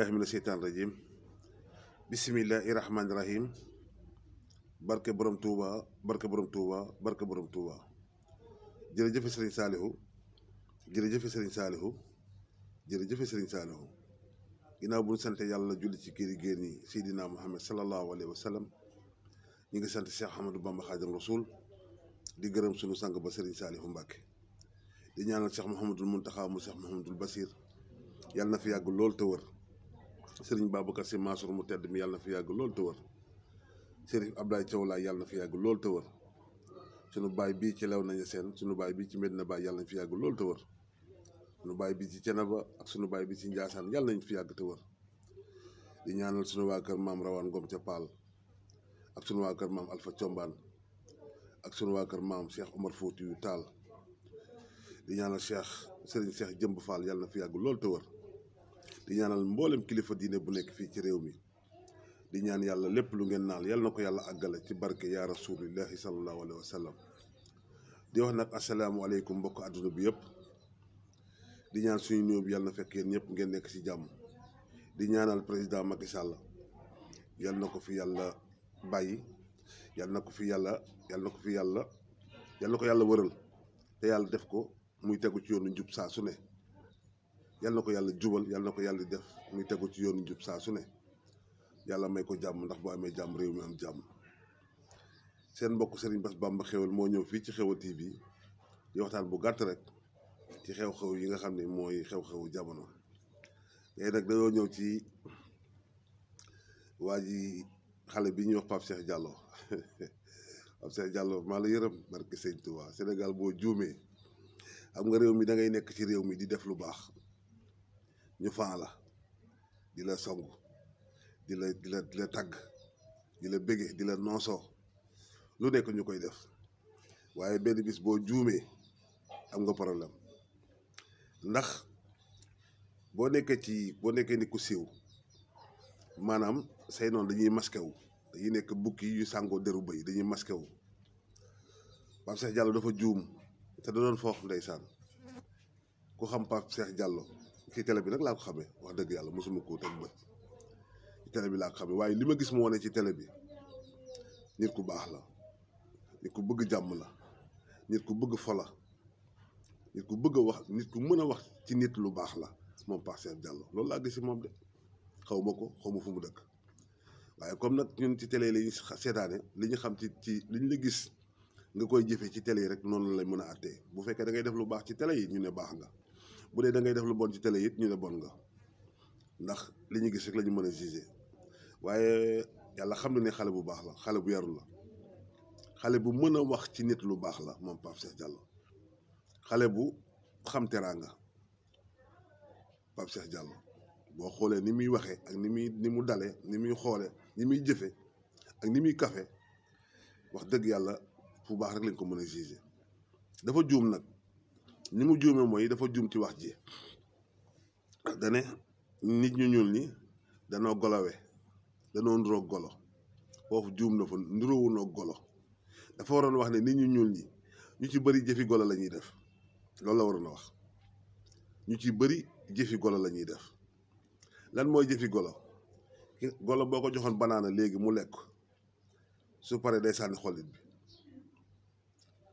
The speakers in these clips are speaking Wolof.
billahi mina seytaan rajim bisimillahi rahmaani rahim barke borom Touba barke borom Touba barke borom Touba jërëjëfe sëriñ saalihu jërëjëfe sëriñ saalihu jërëjëfe saalihu ginnaaw bu ñu sant yàlla julli ci kii di génn yi Seydina Muhammad sallallahu alayhi wa sallam ñu ngi sant Cheikh Ahmadou Bamba Xaadimu Rasuul di gërëm sunu sang ba sëriñ saalihu Mbàkke di ñaanal Cheikh Mouhamadul Muntaxa mu Cheikh Mouhamadul Basir yàlla na fi yàgg lool te wër sëriñ Babacar Sy Mansour mu tedd mi yàlla na fi yàgg loolu te wër sëriñ Abdoulaye yàlla fi yàgg loolu te wër sunu baay bii ci lew nañu seen sunu baay bii ci Medina baay yàlla nañ fi yàgg loolu te sunu baay bii ci Cenaba ak sunu baay bii ci Ndiassane yàlla nañ fi yàgg te wër di ñaanal sunu waa kër maam Rawaan Ngom ca Paal ak sunu waa kër maam alfa Combaan ak sunu waa kër maam Cheikh Omar Foutiyou taal di ñaanal Cheikh sëriñ Cheikh Jëmb faal yàlla na fi yàgg loolu te di ñaanal mboolem kilifa diine bu nekk fii ci réew mi di ñaan yàlla lépp lu ngeen naal yal na ko yàlla àggale ci barke yaa rasulillahi sallallahu alayhi wa sallam di wax nag asalaamualeykum mbokk àdduna bi yëpp di ñaan suñu nuyoo bi yàlla na fekk yenn ñëpp ngeen nekk ci jàmm di ñaanal président Macky Sall yàlla na ko fi yàlla bàyyi yàlla na ko fi yàlla yàlla ko fi yàlla yàlla na ko yàlla wëral te yàlla def ko muy tegu ci yoonu njub saa su ne. yalla ko yalla jubal yalla ko yalla def muy teggu ci yoonu jub sa su ne yalla may ko jam ndax bo amé jam rew mi am jam sen mbokk Serigne Bass Bamba xewal mo ñew fi ci xewal TV di waxtan bu gatt rek ci xew-xew yi nga xam moy xew xew-xewu ye nak da dañoo ñëw ci waji xalé bi ñu wax pap Cheikh Diallo pap Cheikh Diallo ma la yërëm barke serigne Touba senegal bo juumee am nga rew mi da ngay nek ci rew mi di def lu bax ñu faa la di la songu di la di la di la tagg di la bége di la noosoo lu nekk ñu koy def waaye benn bis boo juumee am nga problème ndax boo nekkee ci boo nekkee ni ku siiw maanaam say noonu dañuy masqué wu dañuy nekk bukki yu sangoo deru bëy dañuy masqué wu Pape Cheikh Diallo dafa juum te da doon foox ndeysaan ku xam Pape Cheikh Diallo ci télé bi nag laa ko xamee wax dëgg yàlla mosuma koo teg bët ci télé bi laa ko xamee waaye li ma gis mu wane ci tele bi nit ku baax la nit ku bëgg jàmm la nit ku bëgg fola nit ku bëgg a wax nit ku mën a wax ci nit lu baax la moom Pape Cheikh Diallo loolu laa gis si moom de xaw ma ko xaw ma fu mu dëkk waaye comme nag ñun ci télé la ñu seetaane li ñu xam ci ci li ñu la gis nga koy jëfee ci télé yi rek noonu lañ mën a àttee bu fekkee dangay def lu baax ci télé yi ñu ne baax nga bu dee da ngay def lu bon ci télé it ñu ne bon nga ndax li ñu gis rek lañu mën a juger waaye yàlla xam na ni xale bu baax la xale bu yaru la xale bu mën a wax ci nit lu baax la moom Pape Cheikh Diallo xale bu xam teraanga Pape Cheikh Diallo boo xoolee ni muy waxee ak ni muy ni mu dale ni muy xoolee ni muy jëfe ak ni muy kafe wax dëgg yàlla fu baax rek lañ ko mën a juger dafa juum nag ni mu juume mooy dafa juum ci wax ji dane nit ñu ñuul ni danoo golowe danoo nduroog golo foofu juum na fa nduroowunoo golo dafa waroon wax ne nit ñu ñuul ñi ñu ci bëri jëfi golo la ñuy def loolu la waroon wax ñu ci bëri jëfi la ñuy def lan mooy jëfi golo golo boo ko joxoon banaana léegi mu lekk su paree day sànni xollit bi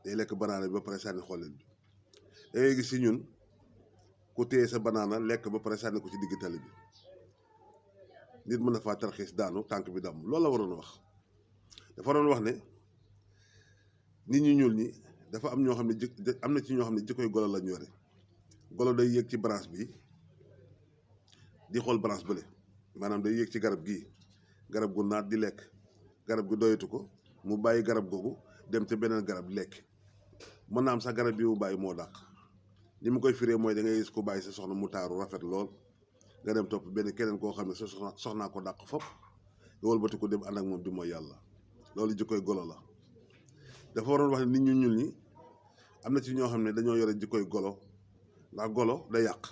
day lekk banaana bi ba pare sànni xollit bi da gis si ñun ku téye sa banaana lekk ba pare sànni ko ci digg tali bi nit mën na faa tarxiis daanu tànk bi damm loolu la waroon wax dafa waroon wax ne nit ñu ñuul ñi dafa am ñoo xam ne jik am na ci ñoo xam ne jikkoy golo la ñu yore golo day yéeg ci branche bi di xool branche bële maanaam day yéeg ci garab gii garab gu naat di lekk garab gi doyatu ko mu bàyyi garab googu dem ca beneen garab lekk mën naa am sax garab bi mu bàyyi moo dàq li ma koy firee mooy da ngay gis ko bàyyi sa soxna mu taaru rafet lool nga dem topp benn keneen koo xam ne sa soxna soxnaa ko dàq fop nga wëlbati ko dem ànd ak moom di mooy yàlla loolu jikkoy golo la dafa waroon wax ne nit ñu ñuul ñi am na ci ñoo xam ne dañoo yore jikkoy golo ndax golo day yàq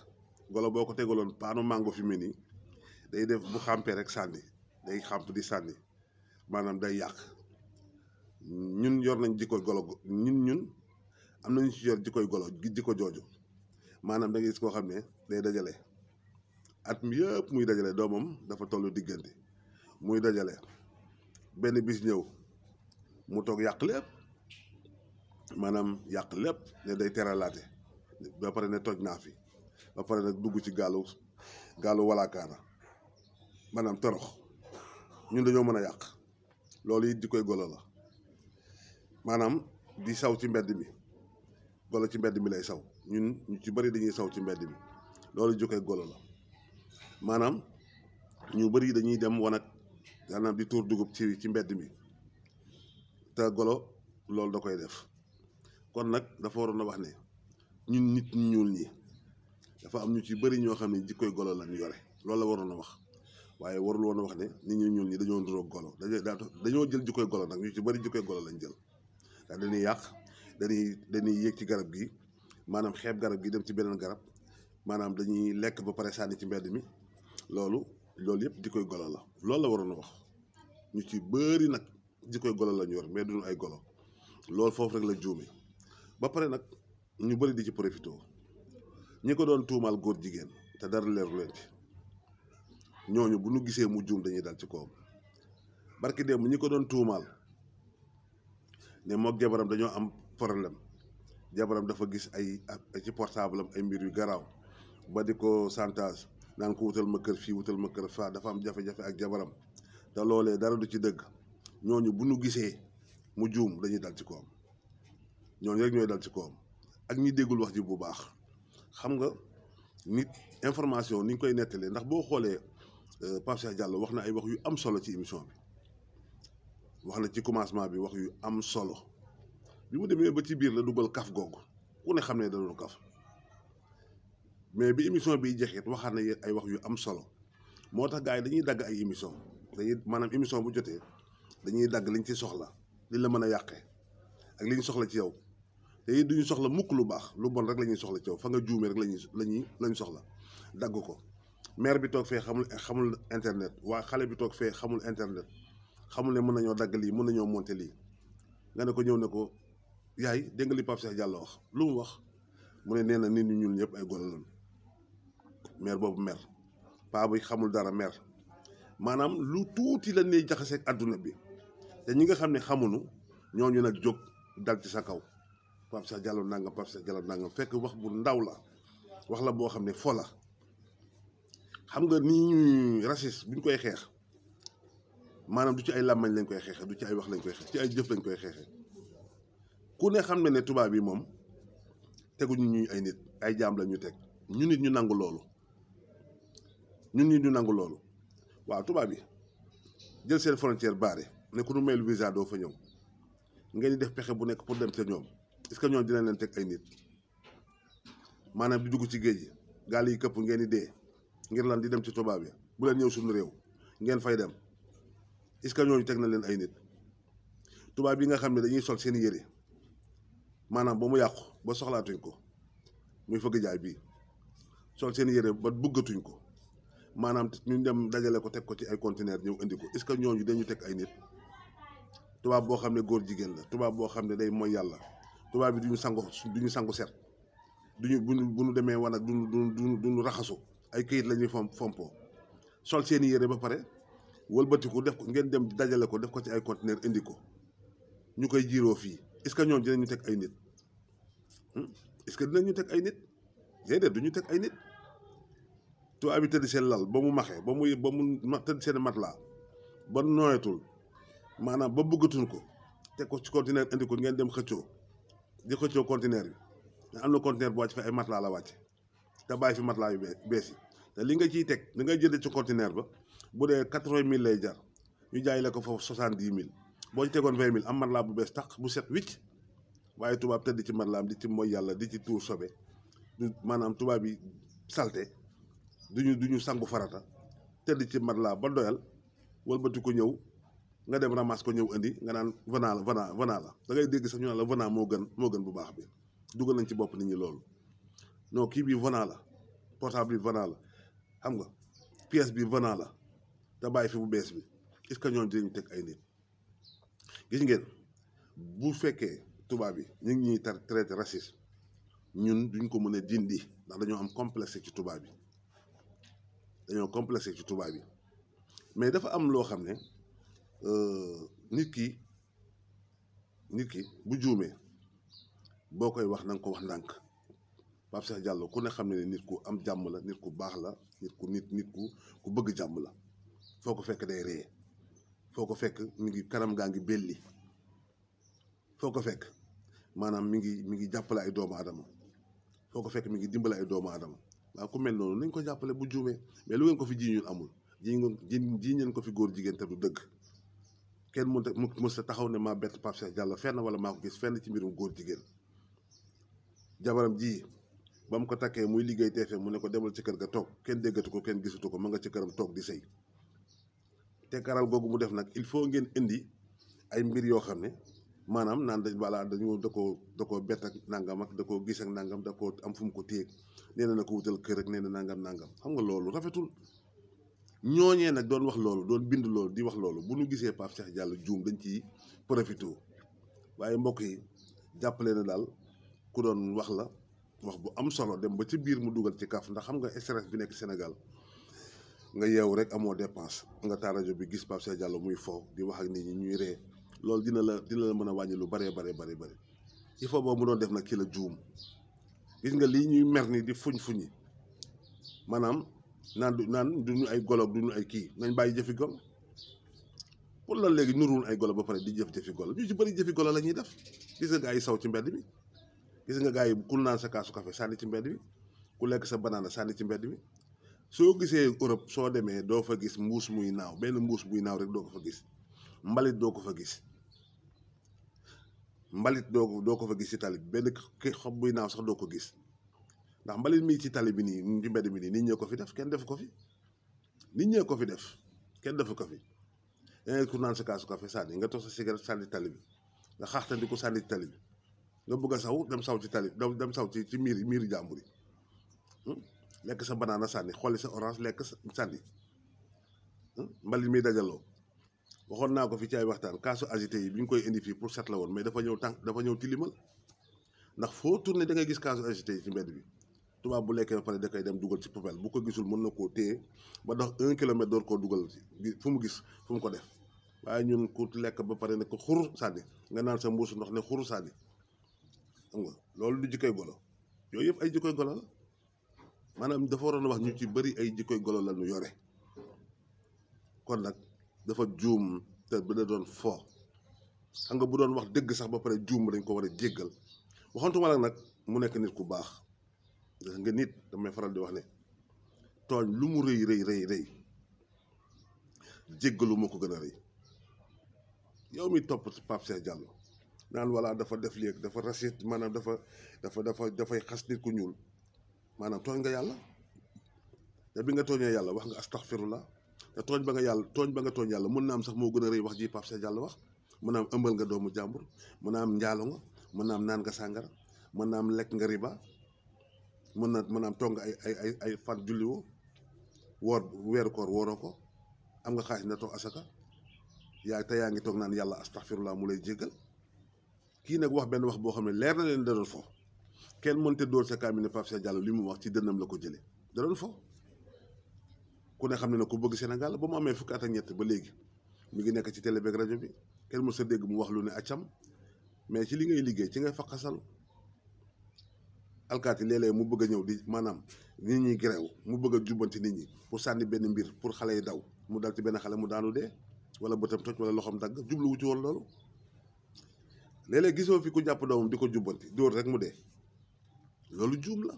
golo boo ko tegaloon paanu mango fi mu nii day def bu xàmpee rek sànni day xàmp di sànni maanaam day yàq ñun yor nañ jikkoy golo ñun ñun am nañu ci yor jikkoy golo ko jooju maanaam da ngay koo xam ne day dajale at mi yëpp muy dajale doomam dafa tollu diggante muy dajale benn bis ñëw mu toog yàq lépp maanaam yàq lépp ne day teralaate ba pare ne toj naa fi ba pare nag dugg ci gaalu gaalu walaakaana maanaam torox ñun dañoo mën a yàq loolu it di koy golo la maanaam di saw ci mbedd mi wala ci mbedd mi lay saw ñun ñu ci bëri dañuy saw ci mbedd mi loolu jóge golo la maanaam ñu bëri dañuy dem wanag maanaam di tuur dugub ci ci mbedd mi te golo loolu da koy def kon nag dafa waroon a wax ne ñun nit ñu ñuul ñi dafa am ñu ci bëri ñoo xam ne jikkoy golo lañ yore loolu la waroon wax waaye warul woon wax ne nit ñu ñuul ñi dañoo nduroog golo dañoo dañoo jël jikkoy golo nag ñu ci bëri jikkoy golo lañ jël dañuy yàq. dañuy dañuy yéeg ci garab gi maanaam xeeb garab gi dem ci beneen garab maanaam dañuy lekk ba pare sànni ci mbedd mi loolu loolu yëpp koy golo la loolu la waroon a wax ñu ci bëri nag jikkoy golo la ñu yor mais duñu ay golo loolu foofu rek la juume ba pare nag ñu bëri di ci profité ñi ko doon tuumaal góor jigéen te dara leeru leen ci ñooñu bu ñu gisee mu juum dañuy dal ci kawam barki démb ñi ko doon tuumaal ne moo jabaram dañoo am problème jabaram dafa gis ay ci portable am ay mbir yu garaaw ba di ko chantage naan ko wutal ma kër fii wutal ma kër faa dafa am jafe-jafe ak jabaram te loolee dara du ci dëgg ñooñu bu ñu gisee mu juum dañuy dal ci koom ñooñu rek ñooy dal ci koom ak ñi déggul wax ji bu baax xam nga nit information ni koy nettalee ndax boo xoolee euh, Pape Cheikh wax na ay wax yu am solo ci émission bi wax na ci commencement bi wax yu am solo bi mu demee ba ci biir la dugal kaf googu ku ne xam ne da doon kaf mais bi émission bi jeexit waxaat na yéen ay wax yu am solo moo tax gars yi dañuy dagg ay émission dañuy maanaam émission bu jotee dañuy dagg liñ ci soxla li la mën a yàqee ak li ñu soxla ci yow te duñu soxla mukk lu baax lu bon rek la ñuy soxla ci yow fa nga juumee rek lañuy lañuy lañ soxla dagg ko maire bi toog fee xamul xamul internet waa xale bi toog fee xamul internet xamul ne mën nañoo dagg lii mën nañoo monter lii nga ne ko ñëw ne ko yaay dégg li pap Cheikh Diallo wax lu mu wax mu ne nee na nit ñi ñun ñëpp ay gone lañu mer boobu mer paa bu xamul dara mer maanaam lu tuuti la ñuy jaxaseeg àdduna bi te ñi nga xam ne xamuñu ñooñu nag jóg dal ci sa kaw pap Cheikh Diallo nangam pap Cheikh Diallo nangam fekk wax bu ndaw la wax la boo xam ne fo la xam nga ni ñuy racisme buñ koy xeex maanaam du ci ay làmmañ lañ koy xeexe du ci ay wax lañ koy xeex ci ay jëf lañ koy xeexe ku ne xam ne ne tubaab yi moom teguñu ñuy ay nit ay jaam la ñu teg ñu nit ñu nangu loolu ñun nit ñu nangu loolu waaw tubaab yi jël seen frontière barré ne ku nu mayul visa doo fa ñëw ngeen di def pexe bu nekk pour dem te ñoom est que ñoom dina leen teg ay nit maanaam di dugg ci géej gi gaal yi këpp ngeen di dee ngir lan di dem ci tubaab yi bu leen ñëw suñu réew ngeen fay dem est-ce que ñooñu teg na leen ay nit tubaab yi nga xam ne dañuy sol seen yére maanaam ba mu yàqu ba soxlaatuñ ko muy fëgg jaay bii sol seen yére ba buggatuñ ko maanaam ñu dem dajale ko teg ko ci ay ñëw indi ko est-ce que ñooñu dañu teg ay nit tubaab boo xam ne góor jigéen la tubaab boo xam ne day mooy yàlla tubaab bi duñu sangu duñu sangu set duñu buñu bu ñu demee wan ak duñu duñu duñu ay këyit la ñuy fom fompoo sol seen yére ba pare wëlbatiku def ko ngeen dem dajale ko def ko ci ay conteneur indi ko ñu koy jiiroo fii est-ce que ñoom dinañu teg ay nit hmm? est-ce que dinañu teg ay nit déedéet du ñu teg ay nit tubaab yi tëdd seen lal ba mu maxee ba mu muy ba mu tëdd seen matelas ba nooyatul maanaam ba bëggatuñ ko teg ko ci conteneur indi ko ngeen dem xëccoo di xëccoo conteneur bi nga am na conteneur bu wàcc fi ay matelas la wàcc te bàyyi fi matelas yu bees yi te li nga ciy teg ni ngay jëndee ci conteneur ba bu dee quatre mille lay jar ñu jaay la ko foofu soixante-dix mille boo ci tegoon vingt mille am matelas bu bees tax bu set wicc waaye tubaab tëdd ci matelaam di ci mooy yàlla di ci tour sobe du maanaam tubaab yi salte duñu duñu sangu farata tëdd ci matelas ba doyal wëlbati ko ñëw nga dem ramas ko ñëw indi nga naan vana la vana vana la da dégg sax ñu naan la vana moo gën moo gën bu baax bi dugal nañ ci bopp nit ñi loolu non kii bi vana la portable bi vana la xam nga pièce bi vana la te bàyyi fi bu bees bi est-ce que ñoom dinañ teg ay nit gis ngeen bu fekkee tubaab yi ñu ngi ñuy tar traité raciste ñun duñ ko mën a dindi ndax dañoo am complexe ci tubaab yi dañoo complexe ci tubaab yi mais dafa am loo xam ne euh, nit ki nit ki bu juumee boo koy wax na ko wax ndànk Pape Cheikh Diallo ku ne xam ne nit ku am jàmm la nit ku baax la nit ku nit nit ku ku bëgg jàmm la foo ko fekk day ree foo ko fekk mi ngi kanam gaa ngi belli foo ko fekk maanaam mi ngi mi ngi jàppale ay doomu adama foo ko fekk mi ngi dimbale ay doomu aadama waaw ku mel noonu nañ ko jàppale bu juumee mais lu ngeen ko fi ji ñun amul ji ngeen ji ngeen ko fi góor jigéen te du dëgg kenn mu mës sa taxaw ne maa bett Pape Cheikh Diallo wala maa ko gis fenn ci mbirum góor jigéen jabaram jii ba mu ko takkee muy liggéey teefee mu ne ko demal ci kër ga toog kenn déggatu ko kenn gisutu ko ma nga ci këram toog di sëy te karal googu mu def nag il faut ngeen indi ay mbir yoo xam ne maanaam naan dañ balaa dañu da koo da koo bett ak nangam ak da koo gis ak nangam da koo am fu mu ko téye nee na na ko wutal kër ak nee na nangam nangam xam nga loolu rafetul ñooñee nag doon wax loolu doon bind loolu di wax loolu bu nu gisee Pape Cheikh Diallo juum dañ ciy profité waaye mbokk yi jàppale na daal ku doon wax la wax bu am solo dem ba ci biir mu dugal ci kaf ndax xam nga stress bi nekk Sénégal nga yew rek amo dépense nga ta radio bi gis pap sey Diallo muy fo di wax ak nit ñi ñuy ré lool dina la dina la mëna wañi lu bare bare bare bare il faut bo mu doon def nak ci la joom gis nga li ñuy mer ni di fuñ fuñi manam nan du naan duñu ay goloog duñu ay ki nañ bayyi jëfi gol pour la légui nurul ay golob ba paré di jëf jëfi gol ñu ci bari jëfi gol la ñuy def gis nga gaay saw ci mbéd bi gis nga gaay ku naan sa kaasu café ci mbéd bi ku lek sa banana ci mbéd bi soo gisee Europe soo demee doo fa gis mbuus muy naaw benn mbuus muy naaw rek doo ko fa gis mbalit doo ko fa gis mbalit doo doo ko fa gis ci tali bi benn xob buy naaw sax doo ko gis ndax mbalit mii ci tali bi nii ci mbedd mi nii nit ñee ko fi def kenn def ko fi nit ñee ko fi def kenn defu ko fi dangay ku nga toog sa cigarette sànni nga xaaxtandi ko sànni tali nga bëgg saw dem saw ci tali dem saw ci ci miir miiri jàmbur yi hmm? lek sa banana sani xolli sa orange lekk sani hmm? mbali mi dajalo waxon naa ko fi ci ay waxtaan kaasu agité yi bi koy indi fi pour set la won mais dafa ñew tank dafa ñew tilimal ndax fo tourné da ngay gis kasu agité ci mbéd bi tuba bu lekkee fa da kay dem dugal ci poubelle bu ko gisul mën na koo ba dox un km door ko dugal ci fu mu gis fu mu ko def waye ñun ku lekk ba paré nak ko xur nga naan sa mbuss ndox ne xuru sani xam nga loolu du jikay golo yoyep ay jikay golo la maanaam dafa waroon wax ñu ci bëri ay jikkoy golo la ñu yore kon nag dafa juum te ba da doon foo xam nga bu doon wax dëgg sax ba pare juum dañ ko war a jéggal waxantuma la nag mu nekk nit ku baax gis nga nit damay faral di wax ne tooñ lu mu rëy rëy rëy rëy jéggalu ko gën a rëy yow mi topp Pape Cheikh Diallo naan walla dafa def léegi dafa rasit maanaam dafa dafa dafa dafay xas nit ku ñuul maanaam tooñ nga yàlla te bi nga tooñee yàlla wax nga astaghfirullah te tooñ ba nga yàlla tooñ ba nga tooñ yàlla mën naa am sax moo gën a wax ji Pape Cheikh Diallo wax mën naa am nga doomu jàmbur mën naa am njaalo mën naa am naan nga sàngara mën naa am lekk nga riba mën na mën naa toog ay ay ay ay fan julliwoo woor weeru koor wooroo ko am nga xaalis na toog asaka yaa ngi toog naan yàlla astaghfirullah mu lay jéggal kii nag wax benn wax boo xam ne leer na leen da foofu kenn mënte dóor sa kaamil ne Pape Cheikh li mu wax ci dënnam la ko jële da doon fo ku ne xam ne na ku bëgg senegal ba mu amee fukki at ñett ba léegi mu ngi nekk ci télé beeg rajo bi kenn mës a dégg mu wax lu ne accam mais ci li ngay liggéey ci ngay faqasal alkaati léeg-léeg mu bëgg a ñëw di maanaam nit ñi gréew mu bëgg a jubbanti nit ñi pour sànni benn mbir pour xale yi daw mu dal ci benn xale mu daanu dee wala bëtam toj wala loxoom dagg jubluwu ci woon loolu léeg fi ku jàpp doomam di ko jubbanti dóor rek mu dee loolu juum la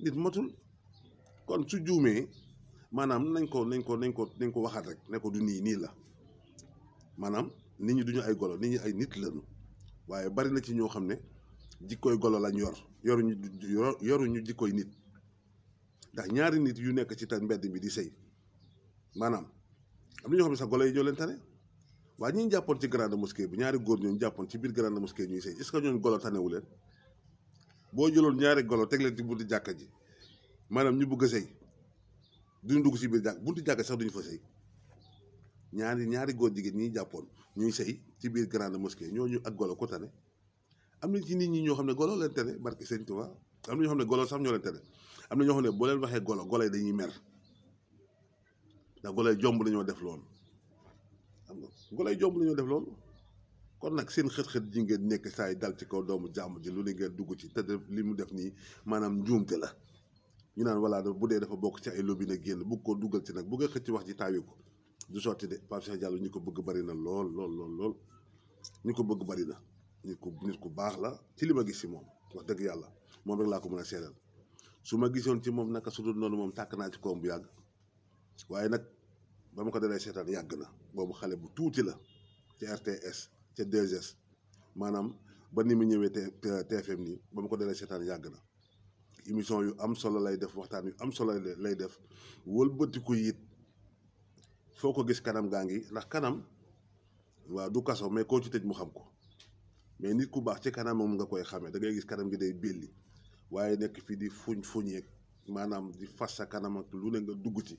nit matul kon su juumee maanaam nañ ko nañ ko nañ ko nañ ko waxaat rek ne ko du nii nii la maanaam nit ñi duñu ay golo nit ñi ay nit lañu waaye bari na ci ñoo xam ne jikkooy golo lañ yor yoruñu yoruñu jikkooy nit ndax ñaari nit yu nekk ci tan mbedd bi di sëy maanaam am na ñoo xam ne sax golo yi ñoo leen tane waaye ñi ñu jàppoon ci grande mosquée bi ñaari góor ñooñu jàppoon ci biir grande mosquée ñuy sëy est-ce golo tanewu leen boo jëloon ñaari golo teg leen ci buntu jàkka ji maanaam ñu bugg a sëy duñu dugg ci biir jàkk buntu jàkka sax duñu fa sëy ñaari ñaari góor jigéen ñi jàppoon ñuy sëy ci biir grande mosquée ñu ak golo ko tane am na ci nit ñi ñoo xam ne golo leen tane barke sëñ Tuubaa am na ñoo ne golo sax ñoo leen tane am na ñoo xam ne boo leen waxee golo golo yi dañuy mer ndax golo yi jomb nañoo def loolu xam nga golo yi jomb nañoo def loolu. kon nag seen xët-xët ji ngeen nekk saa yi dal ci kaw doomu jàmm ji lu ne dugg ci te def li mu def nii maanaam njuumte la ñu naan voilà bu dee dafa bokk ci ay lobby nag génn bugg koo dugal ci nag bugg nga xëcc wax ji taawi ko du sotti de Pape Cheikh Diallo ko bëgg bari na lool lool lool lool ñu ko bëgg bari na nit ku ku baax la ci li ma gis si moom wax dëgg yàlla moom rek laa ko mën a seedal su ma gisoon ci moom naka su dul noonu moom tàkk naa ci koom bu yàgg waaye nag ba ma ko dalee seetaan yàgg na boobu xale bu tuuti la ci RTS ca 2 maanaam ba ni mu ñëwee TFM nii ba mu ko dalee seetaan yàgg na émission yu am solo lay def waxtaan yu am solo lay def wëlbatiku it foo ko gis kanam gaa ngi ndax kanam waaw du kaso mais koo ci tëj mu xam ko mais nit ku baax ci kanam nga koy xamee da ngay gis kanam gi day belli waaye nekk fii di fuñ fuñeeg maanaam di fas sa kanam lu ne nga dugg ci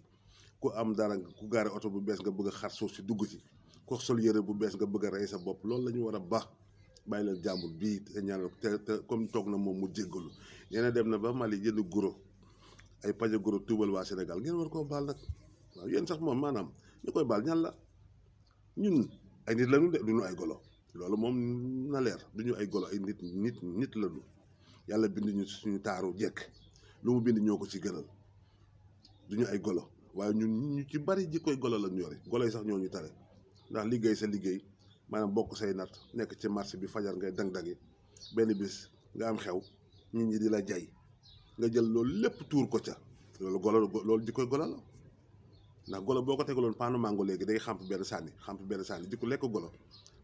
ku am dara ku gaare oto bu bees nga bëgg a xar suuf si dugg ci. ko sol yere bu bes nga bëgg a rey sa bop loolu lañu wara war bayla baax bi te ñaanal te comme tok na mom mu jéggalu yéen dem na ba Mali jënd guro ay paja guro tuubal wa Sénégal ngeen war ko bal nak waaw yeen sax mom manam ñukoy bal ñal la ñun ay nit lañu duñu ay golo loolu mom na leer duñu ay golo ay nit nit nit lañu yalla bind ñu suñu taaru jekk lu mu bind ñoko ci gënal duñu ay golo waaye ñun ñu ci bari jikkoy golo lañu yore golo sax ñoo ñu tare ndax liggéey sa liggéey maanaam bokk say nat nekk ci marché bi fajar ngay dang-dangi benn bis nga am xew nit ñi di la jay nga jël loolu lépp tuur ko ca loolu golo loolu koy golo la ndax golo boo ko tegaloon paanu mango léegi day xamp benn sànni xamp benn sànni ko lekk golo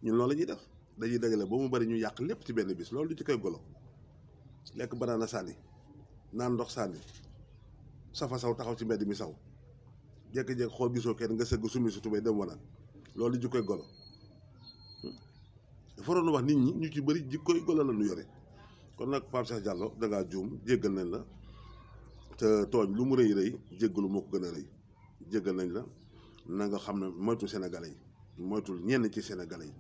ñun loolu la ñuy def dañuy dajale ba mu bari ñu yàq lépp ci benn bis loolu di koy golo lekk banana sànni naan ndox sànni safa saw taxaw ci mbedd mi saw jékki-jékki xool gisoo kenn nga sëgg sumi su tubay dem wanaan loolu jikkoy golo dafa doon wax nit ñi ñu ci bari jikkoy golo la ñu yoré kon nak Pape Cheikh Diallo da nga joom jéggal nañ la te tooñ lu mu rëy rëy jéggal lu moko gëna a jéggal nañ la na nga xam moytu sénégalais moytu ñenn ci sénégalais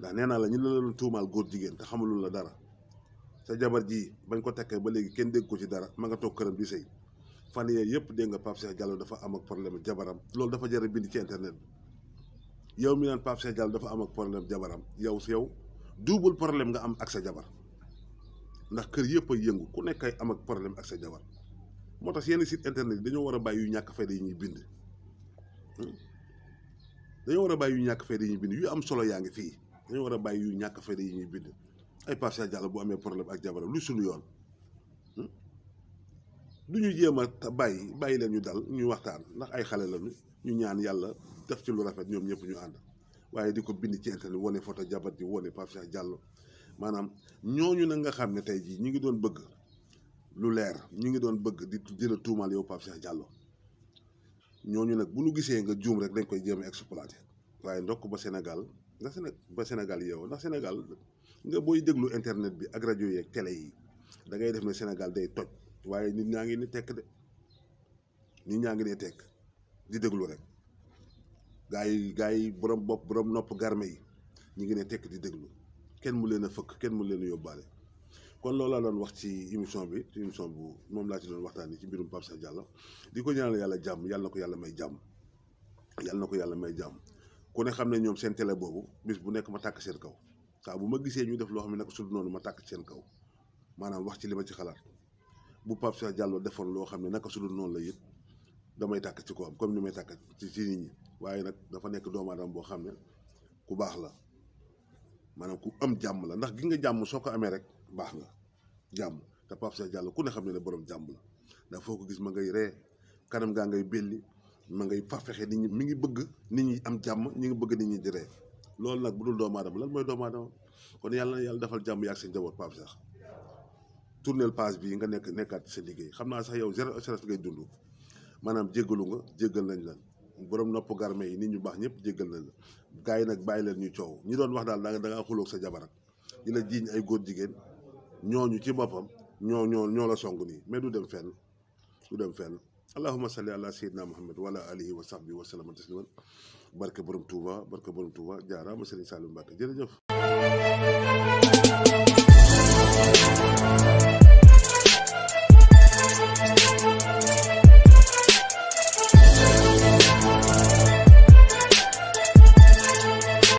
da ndax la ñu la doon tuumaal góor jigéen te xamalul la dara sa jabar ji bañ ko tekkee ba léegi kenn dégg ko ci dara ma nga tok këram bi sey fan yee de nga pap Cheikh Diallo dafa am ak problème jabaram lolou dafa jar bind ci internet bi yow mi nan pap sa Diallo dafa am ak problème jabaram yow yow double problème nga am ak sa jabar ndax keur yepp ay yeungu ku nekk ay am ak problème ak sa jabar motax yene site internet dañu wara bay yu ñak fayda yi ñuy bind hmm? dañu wara bay yu ñak fayda yi bind yu am solo yaangi fi dañu wara bay yu ñak fayda yi bind ay pap sa Diallo bu amé problème ak jabaram lu suñu yoon hmm? duñu jema bay bay bayi leen dal ñu waxtaan ndax ay xalé lañu ñu ñaan yalla def ci lu rafet ñoom ñëpp ñu ànd waaye di ko bind ci internet wane photo jabar ji wane Pape Cheikh Diallo maanaam ñooñu nag nga xam ne tey jii ñu ngi doon bëgg lu leer ñu ngi doon bëgg di di la tuumaal yow Pape Cheikh ñooñu nag bu nu gisee nga juum rek dañ koy jéem a exploité waaye ndokk ba Sénégal nga Séné ba Sénégal yow ndax Sénégal nga booy déglu internet bi ak rajo yeeg télé yi da def ne Sénégal day toj waaye nit ñaa ngi ni tekk de nit ñaa ngi ne tekk di déglu rek. gaa yi gaa yi borom bopp borom nopp garme yi ñu ngi ne tekk di déglu kenn mu leen a fëkk kenn mu leen a yóbbaale kon loolu laa wax ci émission bi ci émission bu moom laa ci doon waxtaanee ci mbirum Pape Cheikh Diallo di ko ñaanal yàlla jàmm yàlla ko yàlla may jàmm yàlla na ko yàlla may jàmm ku ne xam ne ñoom seen télé boobu mis bu nekk ma tàkk seen kaw saa bu ma gisee ñu def loo xam ne nag su noonu ma tàkk seen kaw maanaam wax ci li ma ci xalaat bu Pape Cheikh Diallo defoon loo xam ne naka su noonu la it damay tàkk ci kawam comme ni may tàkk ci nit ñi. waaye nag dafa nekk doomu aadama boo xam ne ku baax la maanaam ku am jàmm la ndax gi nga jàmm soo ko amee rek baax nga jàmm te Pape Cheikh Diallo ku ne xam ne ne borom jàmm la ndax foo ko gis ma ngay ree kanam gaa ngay belli ma ngay fa fexe nit ñi mi ngi bëgg nit ñi am jàmm ñi ngi bëgg nit ñi di ree loolu nag bu dul doomu lan mooy doomu aadama kon yàlla na yàlla defal jàmm njaboot Pape tournel passe bi nga nekk nekkaat sa liggéey xam sax yow zéro stress ngay dund maanaam nga nañ la borom nopp garme yi nit ñu baax ñëpp jéggal na la gars yi nag bàyyi leen ñu coow ñi doon wax daal da nga da xuloog sa jabarak di la jiiñ ay góor jigéen ñooñu ci boppam ñoo ñoo ñoo la song nii mais du dem fenn du dem fenn allahuma salli ala sayyidina muhammad wa ala alihi wa sahbi wa salama tasliman barke borom Touba barke borom Touba jaaraama Serigne Saliou Mbacke jërëjëf